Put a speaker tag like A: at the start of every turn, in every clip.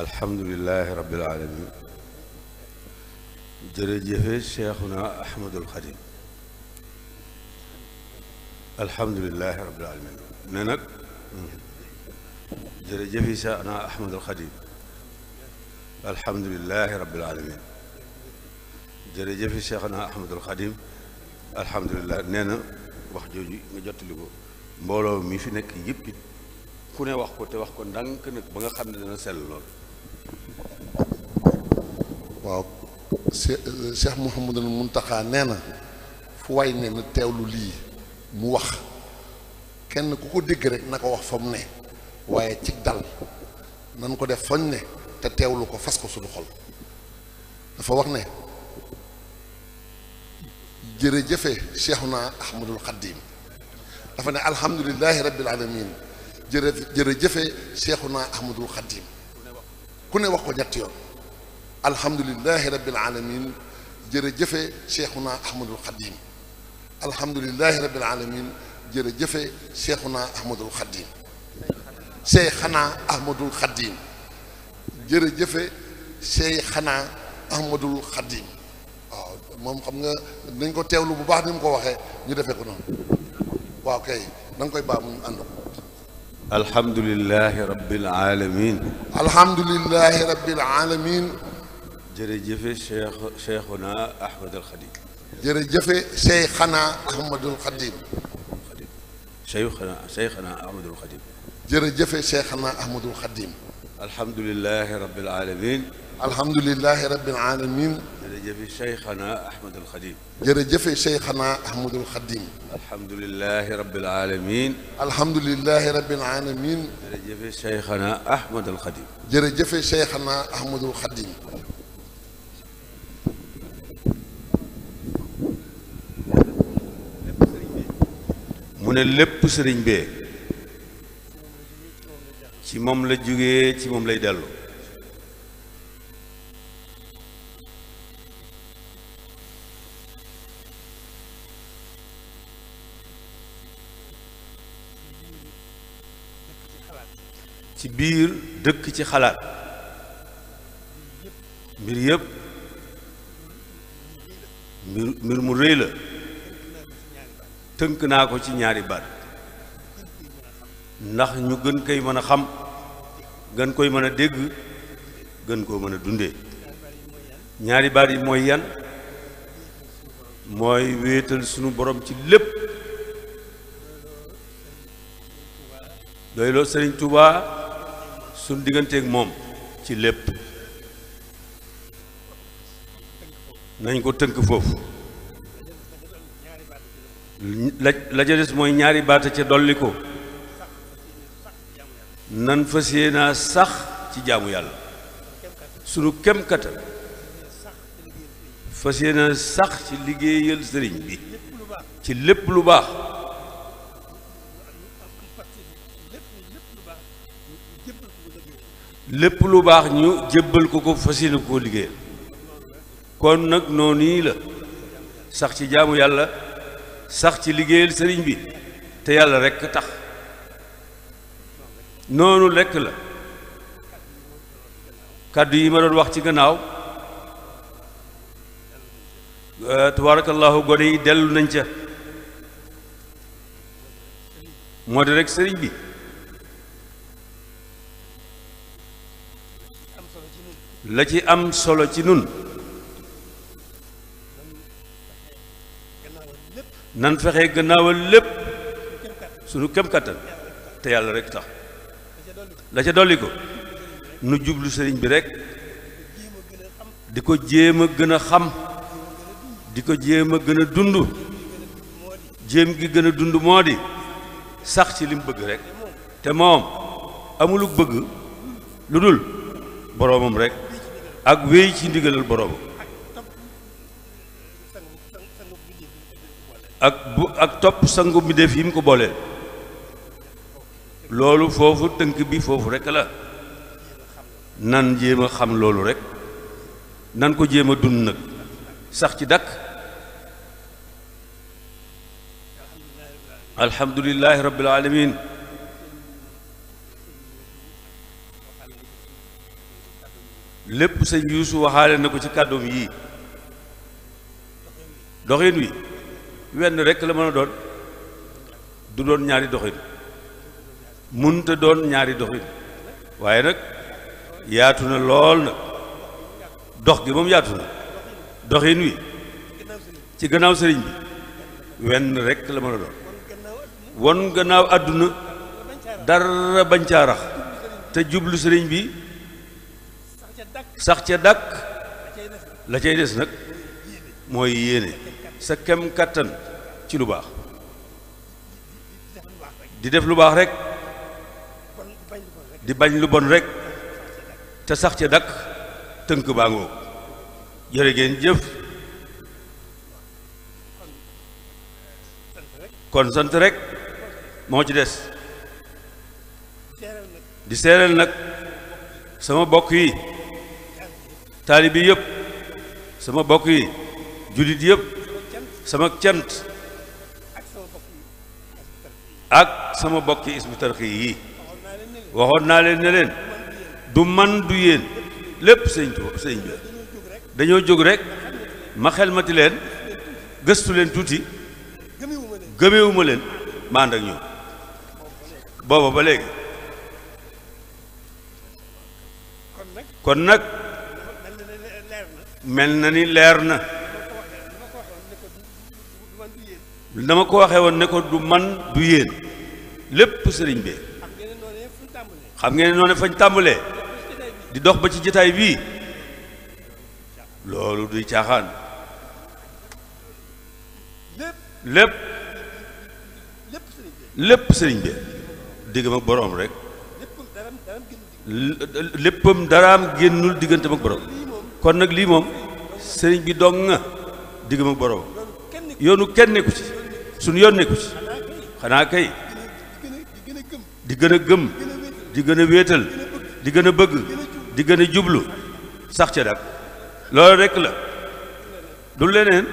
A: alhamdulilahi rabbil alamin jërëjëfe cheikhuna ahmadul xadim alhamdulilahi rabbil alamin ne nag jërëjëfe cheikhuna ahmadul xadim alhamdulilahi rabbil alamin jërëjëfe cheikhuna ahmadul xadim alhamdulilah nee na wax jooju nga jottali ko mbooloo mi fi nekk yëpp it ku ne wax ko te wax ko ndànk nag ba nga xam ne dana sell lool
B: waaw Cheikh Mouhamadul Muntaxa nee na fu way ne na teewlu lii mu wax kenn ku ko dégg rek na ko wax fa mu ne waaye ci dal nan ko def fañ ne te teewlu ko fas ko suñu xol dafa wax ne naa Cheikhuna Ahmadul Xaddim dafa ne alhamdulilahi rabbil alamin jërë jërëjëfe Cheikhuna Ahmadul Xaddim ku ne wax ko ñetti yoon alhamdulilahi rabbil alamin jërëjëfe cheikhuna ahmadul xadim alhamdulilahi rabbil alamin jërëjëfe cheikhuna ahmadul xadim cheikhana ahmadul xadim jërëjëfe cheikhana ahmadul xadim waaw moom xam nga nañ ko teewlu bu baax ni mu ko waxee ñu defee ko noonu waaw kay da nga koy baax mu ànd ko
A: alhamdulilahi rabbil alamin
B: alhamdulilahi rabbil alamin
A: jërëjëfe Cheikh Cheikhuna Ahmadul Xadim.
B: jërëjëfe Cheikhana Ahmadul Xadim.
A: Cheikhana Cheikhana Ahmadul Xadim.
B: jërëjëfe Cheikhana Ahmadul Xadim.
A: alhamdulilahi rabbil aalamiin. alhamdulilahi rabbil aalamiin. jërëjëfe Cheikhana Ahmadul Xadim. jërëjëfe
B: Cheikhana Ahmadul Xadim.
A: alhamdulilahi rabbil aalamiin. alhamdulilahi rabbil aalamiin. jërëjëfe Cheikhana Ahmadul Xadim.
B: jërëjëfe Cheikhana Ahmadul Xadim.
A: mu ne lépp sëriñ bee ci moom la jógee ci moom lay dellu ci biir dëkk ci xalaat mbir yëpp mbir mu rëy la tënk naa ko ci ñaari baat ndax ñu gën koy mën a xam gën koy mën a dégg gën koo mën a dundee ñaari baat yi mooy yan mooy wéetal sunu borom ci lépp lool Sëriñ tubaa sunu digganteeg moom ci lépp nañ ko tënk foofu la la des mooy ñaari baata ca dolli ko nan fas yéenaa sax ci jaamu yàlla sunu kem kattan fas yéenaa sax ci liggéeyal sëriñ bi ci lépp lu baax lépp lu baax ñu jébbal ko ko fas yéene koo liggéeyal kon nag noonu la sax ci jaamu yàlla sax ci liggéeyal sëriñ bi te yàlla rekk a tax noonu lekk la kàddu yi ma doon wax ci gannaaw euh, tabaarakallaahu gone yi dellu nañ ca moo di rek sëriñ bi la ci am solo ci nun nan fexe gannaawal lépp sunu kem kattan te yàlla rek tax la ca dolli ko nu jublu sëriñ bi rek di ko jéem a gën a xam di ko jéem a gën a dund jéem gi gën a dund moo di sax ci li bëgg rek te moom amulu bëgg lu dul boroomam rek ak wéy ci ndigalal boroomam ak bu ak topp sangu bi def yi mu ko booleel loolu foofu tënk bi foofu rekk la nan jéem a xam loolu rekk nan ko jéem a dund nag sax ci dakk alhamdulilahi rabbil alamin lépp sëñ Yuusu waxaale na ko ci kàddoom yii doxin wi wenn rekk la mën a doon du doon ñaari doxin munta doon ñaari doxin waaye nag yaatu na lool nag dox gi moom yaatu na doxin wi ci gannaaw sëriñ bi wenn rekk la mën a doon won gannaaw àdduna dara bañ te jublu sëriñ bi sax ca dàkk la cay des nag mooy yéene sa kem kàttan ci lu baax di def lu baax rek di bañ lu bon rekk te sax ca dakk tënk baa ngoog jërë ngeen jëf kon sant rek moo ci des di seereel nag sama bokk yi taalibi yëpp sama bokk yi jullit yépp sama cant ak sama bokki isbu tarxi yi waxoon naa leen ne du man du yéen lépp sëñ Tuubaa sëñ dañoo jóg rek ma xelmati leen gëstu leen tuuti gëmewuma leen ma ànd ak booba ba léegi kon nag mel na ni leer na dama ko waxee woon ne ko du man du yéen lépp sëriñ bi xam ngeen noonu fañ tàmbalee di dox ba ci jataay bii loolu duy caaxaan lépp lépp sëriñ bi diggam ak boroom rek léppam daraam génnul diggante ak boroom kon nag lii moom sëriñ bi dong nga diggam ak boroom yoonu kenn nekku ci suñ yoon nekku ci xanaa kay di gën a gëm di gën a wéetal di gën a bëgg di gën a jublu sax ca nag loolu rekk la du leneen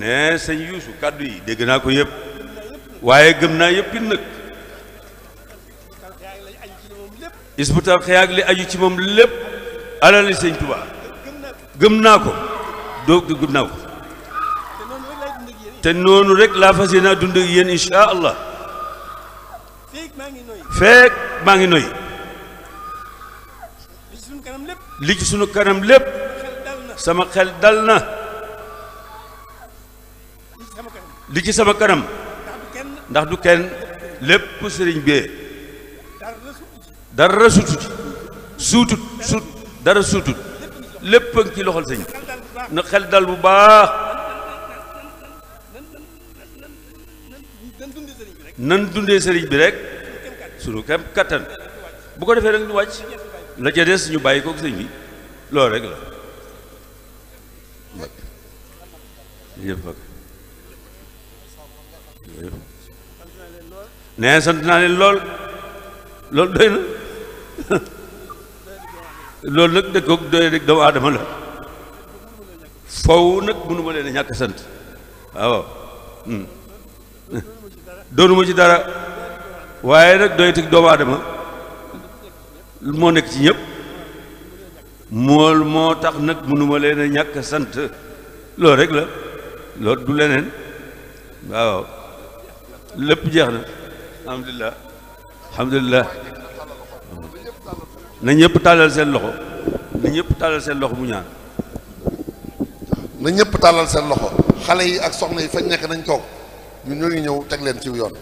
A: ne sëñ yuusu kàddu yi dégg naa ko yëpp waaye gëm naa yëppit nag is bu taw xëyaag li aju ci moom lépp alali sëñ Tuubaa gëm naa ko doog di gannaaw te noonu rek laa fas yéene dund ak yéen incha allah feek maa ngi noy li ci sunu kanam lépp sama xel dal na li ci sama kanam ndax du kenn lépp sëriñ bee dara suutut suutut suut dara suutut lépp ngi ci loxol sëñ na xel dal bu baax nan dundee sëriñ bi rek sunu kem kattan bu ko defee rek ñu wàcc la ca des ñu bàyyi kook sëñ bi rek la nee sant naa leen lool loolu doy na loolu nag dëkkook doy rek doomu aadama la faw nag mënu ma leen ñàkk sant waaw hmm. doonuma ci dara waaye nag doy teg doomu aadama moo nekk ci ñëpp mool moo tax nag mënuma leen ñàkk sant loolu rek la loolu du leneen waaw lépp jeex na alhamdulilah alhamdulilah na ñëpp tàllal seen loxo na ñëpp tàllal seen loxo mu ñaan na ñëpp tàllal seen loxo xale
B: yi ak soxna yi fañ nekk nañ toog ñun ñoo ngi ñëw teg leen ci yoon